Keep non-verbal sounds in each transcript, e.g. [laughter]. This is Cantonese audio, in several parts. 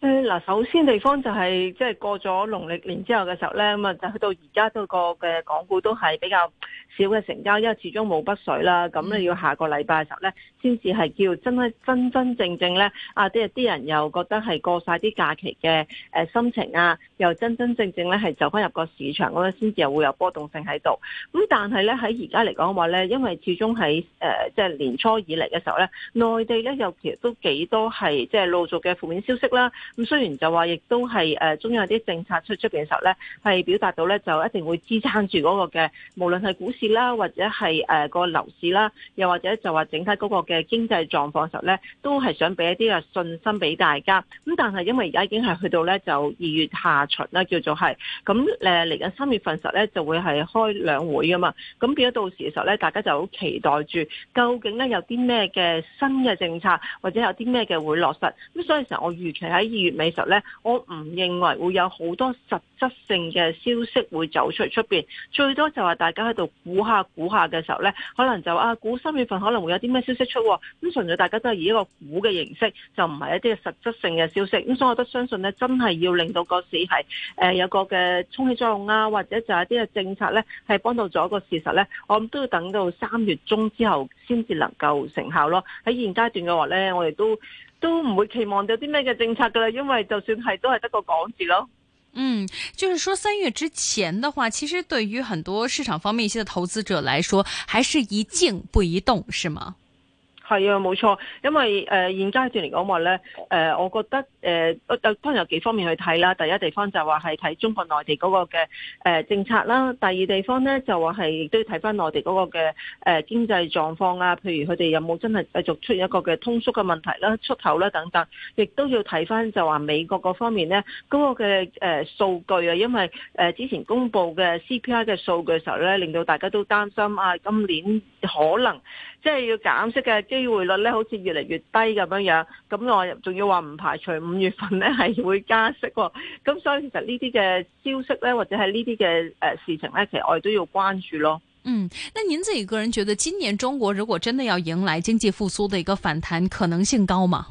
誒，嗱，首先地方就係即係過咗農曆年之後嘅時候咧，咁啊就去到而家嗰個嘅港股都係比較少嘅成交，因為始終冇北水啦。咁咧要下個禮拜嘅時候咧，先至係叫真係真真正正咧，啊，即係啲人又覺得係過晒啲假期嘅誒心情啊，又真真正正咧係走翻入個市場咁啊，先至又會有波動性喺度。咁但係咧喺而家嚟講話咧，因為始終喺誒即係年初以嚟嘅時候咧，內地咧又其實都幾多係即係陸續嘅負面消息啦。咁雖然就話亦都係誒中央有啲政策出出邊嘅時候咧，係表達到咧就一定會支撐住嗰個嘅，無論係股市啦，或者係誒個樓市啦，又或者就話整體嗰個嘅經濟狀況時候咧，都係想俾一啲嘅信心俾大家。咁但係因為而家已經係去到咧就二月下旬啦，叫做係咁嚟緊三月份時候咧就會係開兩會噶嘛，咁變咗到時嘅時候咧，大家就好期待住究竟咧有啲咩嘅新嘅政策，或者有啲咩嘅會落實。咁所以成日我預期喺月尾時候咧，我唔認為會有好多實質性嘅消息會走出出邊，最多就係大家喺度估下估下嘅時候咧，可能就啊，估三月份可能會有啲咩消息出，啊，咁、嗯、純粹大家都係以一個估嘅形式，就唔係一啲實質性嘅消息。咁、嗯、所以我都相信咧，真係要令到個市係誒、呃、有個嘅充氣作用啊，或者就係一啲嘅政策咧，係幫到咗個事實咧，我諗都要等到三月中之後先至能夠成效咯。喺現階段嘅話咧，我哋都。都唔會期望有啲咩嘅政策噶啦，因為就算係都係得個講字咯。嗯，就是說三月之前的話，其實對於很多市場方面一些的投資者來說，還是宜靜不宜動，是嗎？係啊，冇錯，因為誒、呃、現階段嚟講話咧，誒、呃、我覺得。誒、呃，我當然有幾方面去睇啦。第一地方就話係睇中國內地嗰個嘅誒、呃、政策啦。第二地方咧就話係亦都要睇翻內地嗰個嘅誒、呃、經濟狀況啊。譬如佢哋有冇真係繼續出現一個嘅通縮嘅問題啦、出口啦等等。亦都要睇翻就話美國嗰方面咧嗰、那個嘅誒數據啊。因為誒、呃、之前公布嘅 CPI 嘅數據時候咧，令到大家都擔心啊，今年可能即係要減息嘅機會率咧，好似越嚟越低咁樣樣。咁我仲要話唔排除五月份咧係會加息，咁所以其實呢啲嘅消息咧，或者係呢啲嘅、誒事情咧，其實我哋都要關注咯。嗯，那您自己個人覺得今年中國如果真的要迎來經濟復蘇的一個反彈，可能性高嗎？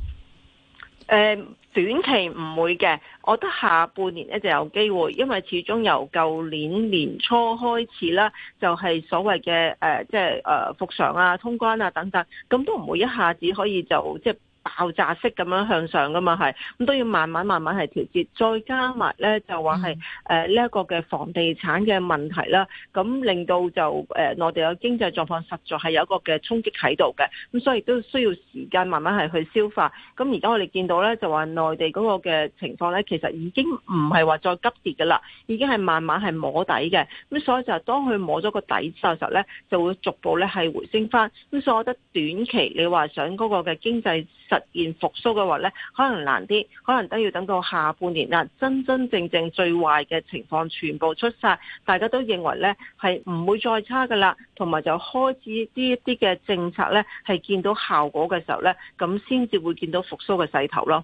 誒、嗯、呃，短期唔會嘅，我覺得下半年咧就有機會，因為始終由舊年年初開始啦，就係、是、所謂嘅誒，即係誒復常啊、通關啊等等，咁都唔會一下子可以就即係。爆炸式咁樣向上噶嘛係，咁都要慢慢慢慢係調節，再加埋咧就話係誒呢一個嘅房地產嘅問題啦，咁令到就誒內地嘅經濟狀況實在係有一個嘅衝擊喺度嘅，咁所以都需要時間慢慢係去消化。咁而家我哋見到咧就話內地嗰個嘅情況咧，其實已經唔係話再急跌噶啦，已經係慢慢係摸底嘅。咁所以就係當佢摸咗個底之後咧，就會逐步咧係回升翻。咁所以我覺得短期你話想嗰個嘅經濟出現復蘇嘅話呢，可能難啲，可能都要等到下半年啦。真真正正最壞嘅情況全部出晒，大家都認為呢係唔會再差噶啦，同埋就開始呢一啲嘅政策呢係見到效果嘅時候呢，咁先至會見到復蘇嘅勢頭咯。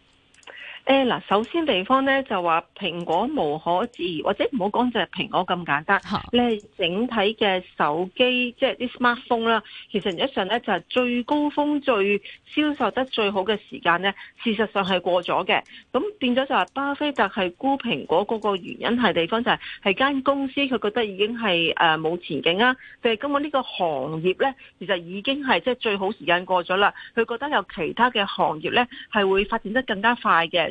誒，嗱，首先地方咧，就話蘋果無可置疑，或者唔好講就係蘋果咁簡單。吓， [music] 你係整體嘅手機，即係啲 smartphone 啦。其實實質上咧就係最高峰，最銷售得最好嘅時間咧，事實上係過咗嘅。咁變咗就話巴菲特係沽蘋果嗰個原因係地方就係係間公司佢覺得已經係誒冇前景啊。就係今日呢個行業咧，其實已經係即係最好時間過咗啦。佢覺得有其他嘅行業咧係會發展得更加快嘅。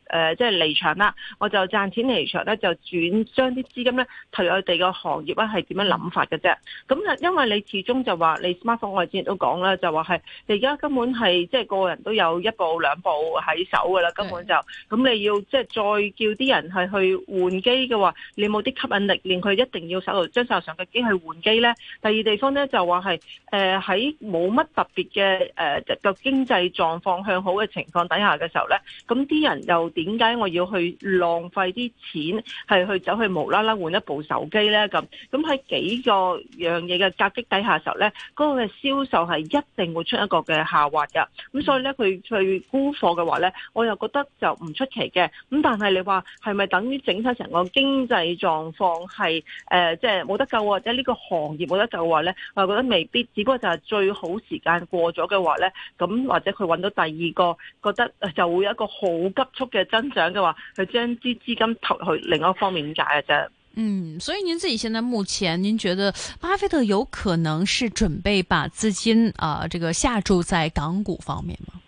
誒即係離場啦，我就賺錢離場咧，就轉將啲資金咧投我哋個行業咧，係點樣諗法嘅啫？咁啊，因為你始終就話你 Smartphone 我之前都講啦，就話係你而家根本係即係個人都有一部兩部喺手噶啦，根本就咁你要即係再叫啲人係去換機嘅話，你冇啲吸引力令佢一定要手度將手上嘅機去換機咧？第二地方咧就話係喺冇乜特別嘅誒個經濟狀況向好嘅情況底下嘅時候咧，咁啲人又點解我要去浪費啲錢係去走去無啦啦換一部手機咧咁？咁喺幾個樣嘢嘅夾擊底下時候咧，嗰、嗰個嘅銷售係一定會出一個嘅下滑噶。咁所以咧，佢去沽貨嘅話咧，我又覺得就唔出奇嘅。咁但係你話係咪等於整體成個經濟狀況係誒，即係冇得救或者呢個行業冇得救嘅話咧？我又覺得未必，只不過就係最好時間過咗嘅話咧，咁或者佢揾到第二個，覺得就會有一個好急促嘅。增長嘅話，佢將啲資金投去另一方面解嘅啫？嗯，所以您自己現在目前，您覺得巴菲特有可能是準備把資金啊、呃，這個下注在港股方面嗎？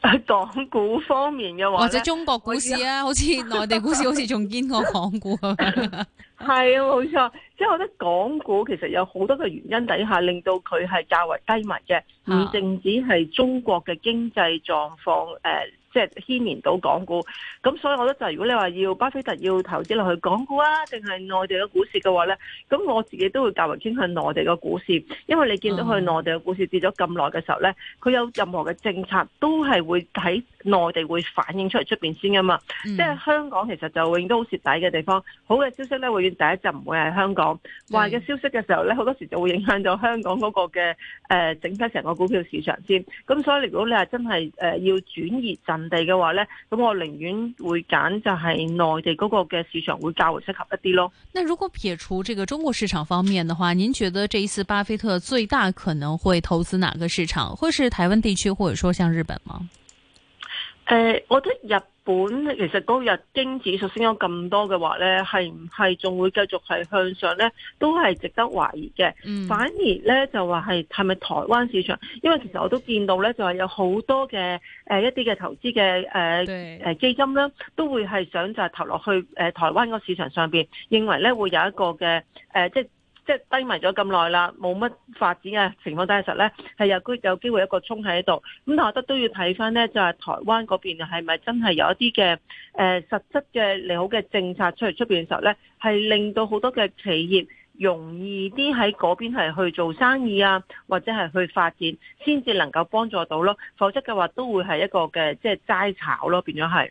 啊、港股方面嘅話，或、哦、者中國股市啊，我好似 [laughs] 內地股市好似仲堅過港股。係 [laughs] 啊，冇錯。即係我覺得港股其實有好多嘅原因底下令到佢係較為低迷嘅，唔淨止係中國嘅經濟狀況誒。啊呃即係牽連到港股，咁所以我覺得就係如果你話要巴菲特要投資落去港股啊，定係內地嘅股市嘅話咧，咁我自己都會較為傾向內地嘅股市，因為你見到佢內地嘅股市跌咗咁耐嘅時候咧，佢有任何嘅政策都係會喺內地會反映出嚟出面先噶嘛。嗯、即係香港其實就永遠都好蝕底嘅地方，好嘅消息咧會第一集唔會係香港，壞嘅消息嘅時候咧好多時就會影響到香港嗰個嘅誒整體成個股票市場先。咁所以如果你係真係要轉移陣，人哋嘅話呢，咁我寧願會揀就係內地嗰個嘅市場會較為適合一啲咯。那如果撇除這個中國市場方面的話，您覺得這一次巴菲特最大可能會投資哪個市場？會是台灣地區，或者說像日本嗎？誒、呃，我覺得日本其實嗰個日經指數升咗咁多嘅話咧，係唔係仲會繼續係向上咧？都係值得懷疑嘅、嗯。反而咧就話係係咪台灣市場？因為其實我都見到咧，就係有好多嘅誒、呃、一啲嘅投資嘅誒誒基金咧，都會係想就係投落去誒、呃、台灣嗰個市場上邊，認為咧會有一個嘅誒、呃、即。即係低迷咗咁耐啦，冇乜發展嘅情況底下，實咧係有機有機會一個衝喺度。咁但我覺得都要睇翻咧，就係台灣嗰邊係咪真係有一啲嘅誒實質嘅利好嘅政策出嚟出面嘅時候咧，係令到好多嘅企業容易啲喺嗰邊係去做生意啊，或者係去發展，先至能夠幫助到咯。否則嘅話都會係一個嘅即係齋炒咯，變咗係。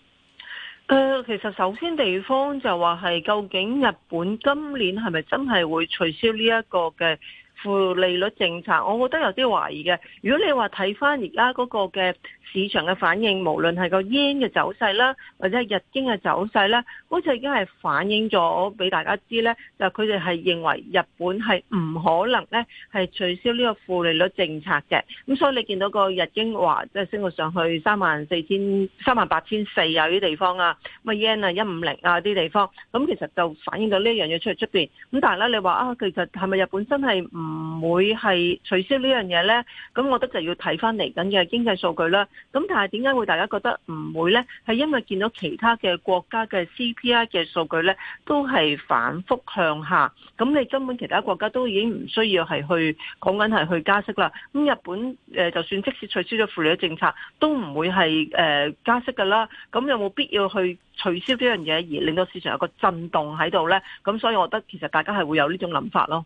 誒、呃，其實首先地方就話，係究竟日本今年係咪真係會取消呢一個嘅負利率政策？我覺得有啲懷疑嘅。如果你話睇翻而家嗰個嘅。市場嘅反應，無論係個 yen 嘅走勢啦，或者係日經嘅走勢啦，好似已經係反映咗俾大家知咧，就佢哋係認為日本係唔可能咧係取消呢個負利率政策嘅。咁所以你見到個日經話即係升咗上去三萬四千、三萬八千四啊啲地方啊，乜 yen 啊一五零啊啲地方，咁、啊啊、其實就反映到呢一樣嘢出嚟出邊。咁但係咧，你話啊，其實係咪日本真係唔會係取消這東西呢樣嘢咧？咁我覺得就要睇翻嚟緊嘅經濟數據啦。咁但係點解會大家覺得唔會呢？係因為見到其他嘅國家嘅 CPI 嘅數據呢，都係反復向下。咁你根本其他國家都已經唔需要係去講緊係去加息啦。咁日本誒，就算即使取消咗負利率政策，都唔會係誒、呃、加息噶啦。咁有冇必要去取消呢樣嘢而令到市場有個震動喺度呢？咁所以我覺得其實大家係會有呢種諗法咯。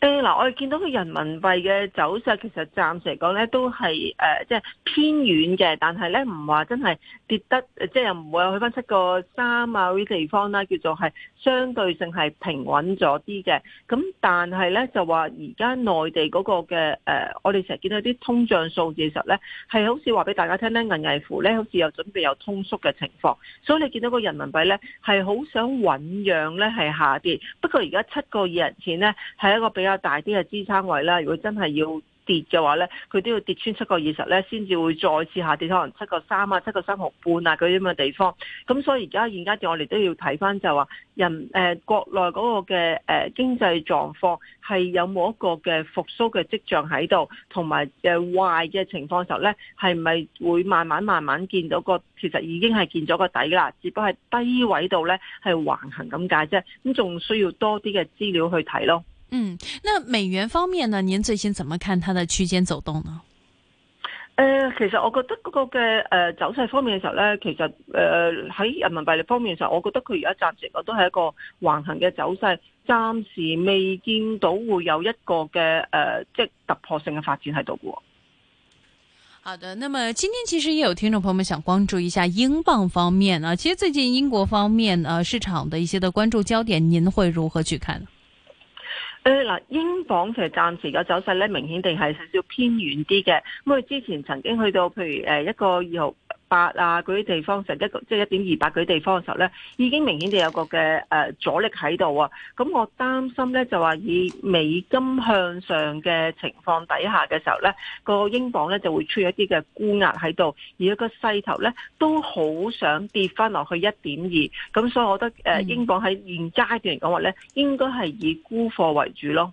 誒、嗯、嗱，我哋見到佢人民幣嘅走勢，其實暫時嚟講咧都係即係偏軟嘅。但係咧唔話真係跌得，即、呃、係、就是、又唔會有去返七個三啊嗰啲地方啦，叫做係相對性係平穩咗啲嘅。咁但係咧就話而家內地嗰個嘅誒、呃，我哋成日見到啲通脹數字嘅時候咧，係好似話俾大家聽咧，銀為符咧好似有準備有通縮嘅情況。所以你見到個人民幣咧係好想醞釀咧係下跌，不過而家七個二人錢咧係一個比較大啲嘅支撐位啦。如果真係要跌嘅話咧，佢都要跌穿七個二十咧，先至會再次下跌，可能七個三啊、七個三毫半啊嗰啲咁嘅地方。咁所以而家現階段，我哋都要睇翻就話、係、人誒、呃、國內嗰個嘅誒、呃、經濟狀況係有冇一個嘅復蘇嘅跡象喺度，同埋壞壞嘅情況時候咧，係咪會慢慢慢慢見到個其實已經係見咗個底啦，只不過係低位度咧係橫行咁解啫，咁仲需要多啲嘅資料去睇咯。嗯，那美元方面呢？您最近怎麼看它的區間走動呢？誒、呃，其實我覺得嗰個嘅誒、呃、走勢方面嘅時候呢，其實誒喺、呃、人民幣方面嘅時候，我覺得佢而家暫時我都係一個橫行嘅走勢，暫時未見到會有一個嘅誒、呃、即係突破性嘅發展喺度嘅。好的，那麼今天其實也有聽眾朋友們想關注一下英鎊方面啊，其實最近英國方面啊市場的一些的關注焦點，您會如何去看？所以，嗱，英鎊其實暫時嘅走勢咧，明顯定係少少偏遠啲嘅。咁佢之前曾經去到，譬如誒一個二號。二八啊，嗰啲地方成一，就是，個即係一點二八，嗰啲地方嘅時候咧，已經明顯地有個嘅誒阻力喺度啊。咁我擔心咧，就話以美金向上嘅情況底下嘅時候咧，個英鎊咧就會出現一啲嘅沽壓喺度，而一個勢頭咧都好想跌翻落去一點二。咁所以我覺得誒，英鎊喺現階段嚟講話咧，應該係以沽貨為主咯。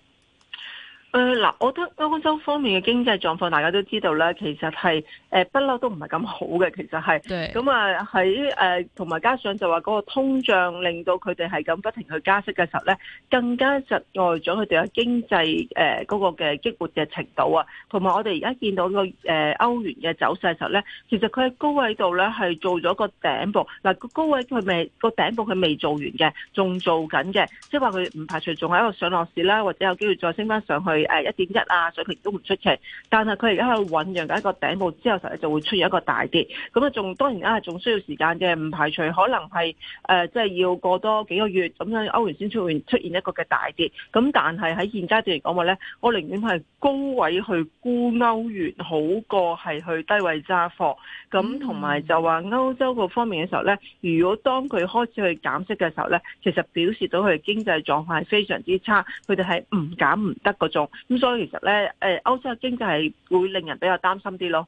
誒，嗱，我覺得歐洲方面嘅經濟狀況，大家都知道咧，其實係誒、呃、不嬲都唔係咁好嘅。其實係，咁啊喺誒，同、嗯、埋、呃、加上就話嗰、那個通脹令到佢哋係咁不停去加息嘅時候咧，更加窒礙咗佢哋嘅經濟誒嗰個嘅激活嘅程度啊。同埋我哋而家見到一個誒歐、呃、元嘅走勢時候咧，其實佢喺高位度咧係做咗個頂部。嗱、呃、個高位佢未個頂部佢未做完嘅，仲做緊嘅，即係話佢唔排除仲喺一個上落市啦，或者有機會再升返上去。誒，一點一啊，水平都唔出奇，但係佢而家喺度醞釀緊一個頂部之後，就會出現一個大跌。咁啊，仲當然啦，仲需要時間嘅，唔排除可能係誒，即、呃、係、就是、要過多幾個月咁樣歐元先出現出現一個嘅大跌。咁但係喺現階段嚟講話咧，我寧願係高位去沽歐元，好過係去低位揸貨。咁同埋就話歐洲個方面嘅時候咧，如果當佢開始去減息嘅時候咧，其實表示到佢經濟狀態非常之差，佢哋係唔減唔得嗰種。咁所以其實呢，誒歐洲嘅經濟係會令人比較擔心啲咯。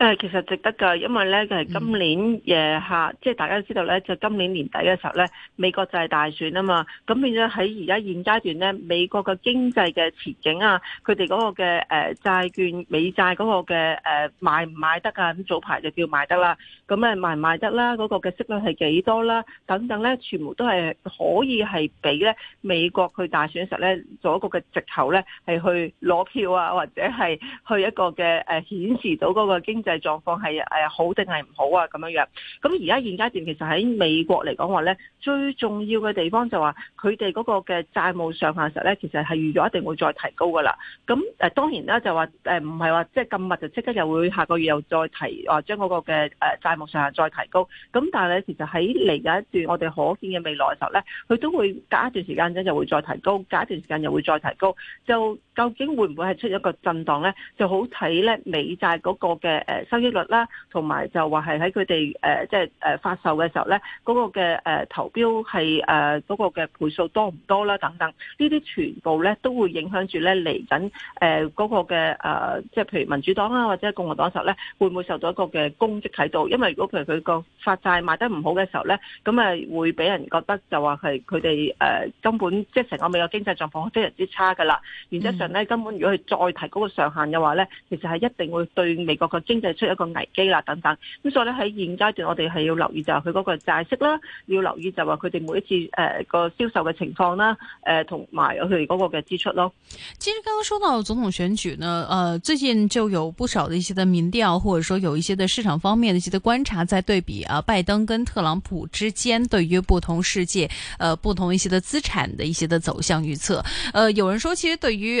誒其實值得㗎，因為咧，佢係今年夜下、嗯，即係大家都知道咧，就係、今年年底嘅時候咧，美國就係大選啊嘛。咁變咗喺而家現階段咧，美國嘅經濟嘅前景啊，佢哋嗰個嘅誒、呃、債券、美債嗰個嘅誒、呃、賣唔賣得啊？咁早排就叫賣得啦，咁咧賣唔賣得啦？嗰、嗰個嘅息率係幾多啦？等等咧，全部都係可以係俾咧美國去大選嘅時候咧，做個嘅藉口咧係去攞票啊，或者係去一個嘅誒、呃、顯示到嗰個經濟。嘅狀況係好定係唔好啊咁樣樣，咁而家現階段其實喺美國嚟講話咧，最重要嘅地方就話佢哋嗰個嘅債務上限時咧，其實係預咗一定會再提高噶啦。咁誒當然啦，就話唔係話即係咁密就即刻又會下個月又再提話將嗰個嘅誒債務上限再提高。咁但係咧，其實喺嚟緊一段我哋可見嘅未來時候咧，佢都會隔一段時間咧就會再提高，隔一段時間又會再提高就。究竟會唔會係出一個震盪咧？就好睇咧美債嗰個嘅誒收益率啦，同埋就話係喺佢哋誒即係誒發售嘅時候咧，嗰、嗰個嘅誒、呃、投標係誒嗰個嘅倍數多唔多啦？等等，呢啲全部咧都會影響住咧嚟緊誒嗰個嘅誒，即、呃、係、即係、譬如民主黨啦或者共和黨時候咧，會唔會受到一個嘅攻擊喺度？因為如果譬如佢個發債賣得唔好嘅時候咧，咁啊會俾人覺得就話係佢哋誒根本即係成個美國經濟狀況非常之差噶啦，原則根本如果佢再提高個上限嘅話咧，其實係一定會對美國嘅經濟出一個危機啦等等。咁所以咧喺現階段我哋係要留意就係佢嗰個債息啦，要留意就話佢哋每一次誒個銷售嘅情況啦，誒同埋佢哋嗰個嘅支出咯。其實剛剛說到的總統選舉呢，誒最近就有不少的一些的民調，或者說有一些的市場方面的一些的觀察，在對比啊拜登跟特朗普之間對於不同世界，誒不同一些的資產的一些的走向預測。誒有人說其實對於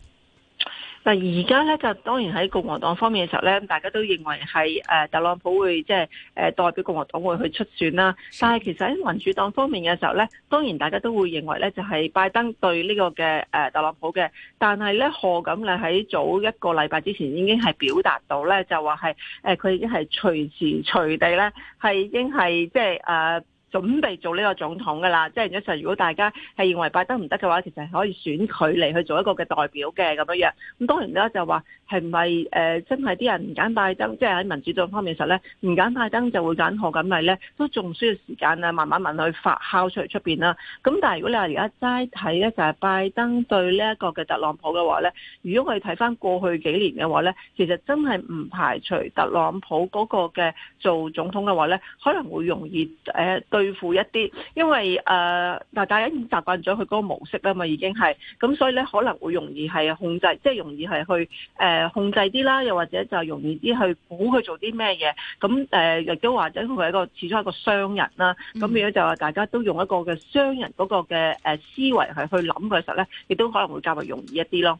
嗱，而家咧就當然喺共和黨方面嘅時候咧，大家都認為係誒特朗普會即係誒代表共和黨會去出選啦。但係其實喺民主黨方面嘅時候咧，當然大家都會認為咧就係拜登對呢、這個嘅誒、呃、特朗普嘅。但係咧，賀錦麗咧喺早一個禮拜之前已經係表達到咧，就話係誒佢已經係隨時隨地咧係已經係即係誒，應準備做呢個總統噶啦，即係如果大家係認為拜登唔得嘅話，其實係可以選佢嚟去做一個嘅代表嘅咁樣樣。咁當然啦，就話係唔係誒真係啲人唔揀拜登，即係喺民主黨方面實咧唔揀拜登就會揀賀錦麗咧，都仲需要時間啊，慢慢問去發酵出嚟出面啦。咁但係如果你話而家齋睇咧，就係拜登對呢一個嘅特朗普嘅話咧，如果我哋睇翻過去幾年嘅話咧，其實真係唔排除特朗普嗰個嘅做總統嘅話咧，可能會容易誒對對付一啲，因為誒，嗱、呃，大家已經習慣咗佢嗰個模式啦嘛，已經係，咁所以咧可能會容易係控制，即係容易係去誒、呃、控制啲啦，又或者就容易啲去估佢做啲咩嘢，咁誒亦都或者佢係一個始終係一個商人啦，咁、嗯、樣就話大家都用一個嘅商人嗰個嘅誒思維係去諗嘅時候咧，亦都可能會較為容易一啲咯。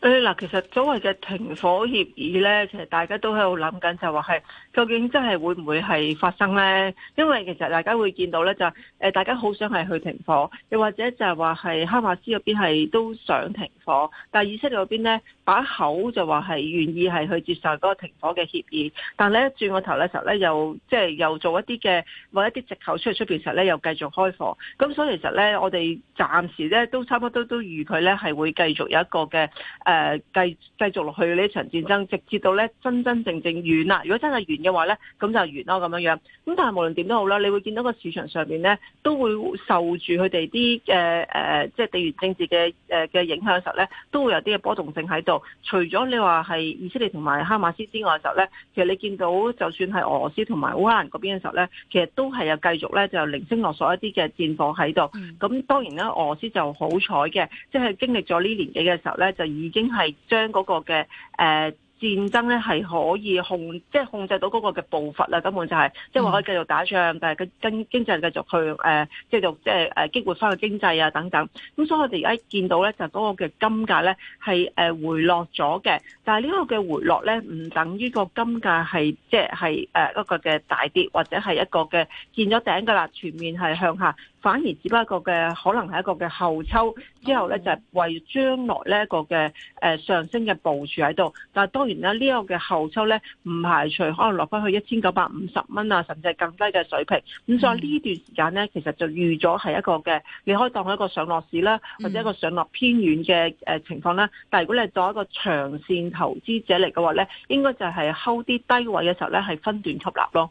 誒嗱，其實所謂嘅停火協議咧，其實大家都喺度諗緊，就話係究竟真係會唔會係發生咧？因為其實大家會見到咧、就是，就誒大家好想係去停火，又或者就係話係哈馬斯嗰邊係都想停火，但係以色列嗰邊咧把口就話係願意係去接受嗰個停火嘅協議，但係咧轉個頭嘅時候咧又即係又做一啲嘅或者一啲藉口出嚟出邊，時候咧又繼續開火。咁所以其實咧，我哋暫時咧都差唔多都預佢咧係會繼續有一個嘅。誒、呃、繼繼續落去呢場戰爭，直至到咧真真正正完啦。如果真係完嘅話咧，咁就完咯咁樣樣。咁但係無論點都好啦，你會見到個市場上面咧都會受住佢哋啲嘅即係地緣政治嘅嘅、呃、影響嘅時候咧，都會有啲嘅波動性喺度。除咗你話係以色列同埋哈馬斯之外嘅時候咧，其實你見到就算係俄羅斯同埋烏克蘭嗰邊嘅時候咧，其實都係有繼續咧就零星落所落索一啲嘅戰況喺度。咁、嗯、當然啦，俄羅斯就好彩嘅，即、就、係、是、經歷咗呢年幾嘅時候咧，就已經。已經係將嗰個嘅、誒、呃、戰爭咧，係可以控，即係控制到嗰個嘅步伐啦。根本就係、係、即係話可以繼續打仗，但係經經濟繼續去誒繼續、呃、即係誒激活翻個經濟啊等等。咁所以我哋而家見到咧，就嗰、係、個嘅金價咧，係誒回落咗嘅，但係呢個嘅回落咧唔等於個金價係即係誒一個嘅大跌或者係一個嘅見咗頂噶啦，全面係向下。反而只不過嘅可能係一個嘅後抽，之後咧就係、是、為將來呢一個嘅、呃、上升嘅部署喺度。但係當然啦，呢個、的呢個個嘅後抽咧唔排除可能落翻去一千九百五十蚊啊，甚至係更低嘅水平。咁所以呢段時間咧，其實就預咗係一個嘅，你可以當係一個上落市啦，或者一個上落偏遠嘅情況啦、嗯。但如果你係做一個長線投資者嚟嘅話咧，應該就係喺啲低位嘅時候咧，係分段吸納咯。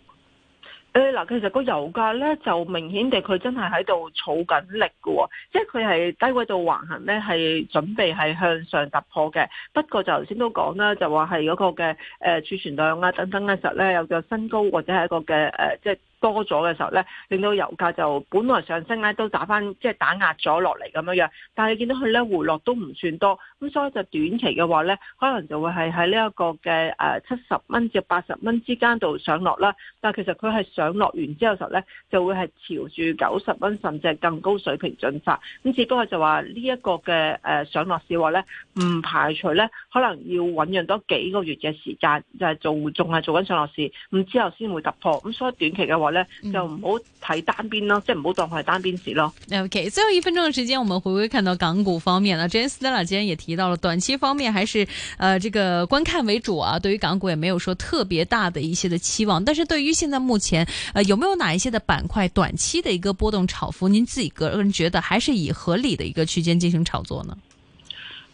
誒，嗱，其實個油價咧就明顯地佢真係喺度儲緊力喎、哦。即係佢係低位度橫行咧，係準備係向上突破嘅。不過就頭先都講啦，就話係嗰個嘅誒儲存量啊等等嘅時候，咧有個新高或者係一個嘅誒即係。呃就是多咗嘅時候咧，令到油價就本來上升咧都打返，即係打壓咗落嚟咁樣樣，但係見到佢咧回落都唔算多，咁所以就短期嘅話咧，可能就會係喺呢一個嘅誒七十蚊至八十蚊之間度上落啦。但係其實佢係上落完之後時候咧，就會係朝住九十蚊甚至係更高水平進發。咁只不過就話呢一個嘅誒上落市話咧，唔排除咧可能要醖釀多幾個月嘅時間就係、是、做仲係做緊上落市，咁之後先會突破。咁所以短期嘅話，嗯、就唔好睇單邊咯，即係唔好當佢係單邊事咯。OK，最後一分鐘嘅時間，我們回歸看到港股方面啦。Jane Stella 今天也提到了短期方面，還是呃這個觀看為主啊。對於港股，也沒有說特別大的一些的期望。但是對於現在目前，呃有沒有哪一些的板塊短期的一個波動炒幅，您自己個人覺得，還是以合理的一個區間進行炒作呢？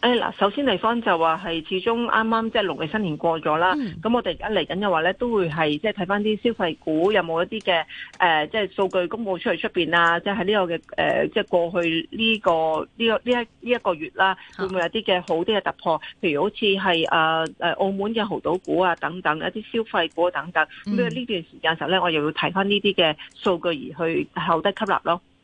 誒、哎、嗱，首先嚟方就話、是、係始終啱啱即係農曆新年過咗啦，咁、嗯、我哋而家嚟緊嘅話咧，都會係即係睇翻啲消費股有冇一啲嘅誒，即、呃、係、就是、數據公布出嚟出邊啊，即係喺呢個嘅誒，即、呃、係、就是、過去呢、這個呢、這個呢一呢一個月啦，會唔會有啲嘅好啲嘅突破？譬如好似係誒誒澳門嘅濠賭股啊，等等一啲消費股等等。咁、嗯、呢段時間時候咧，我又要睇翻呢啲嘅數據而去候低吸納咯。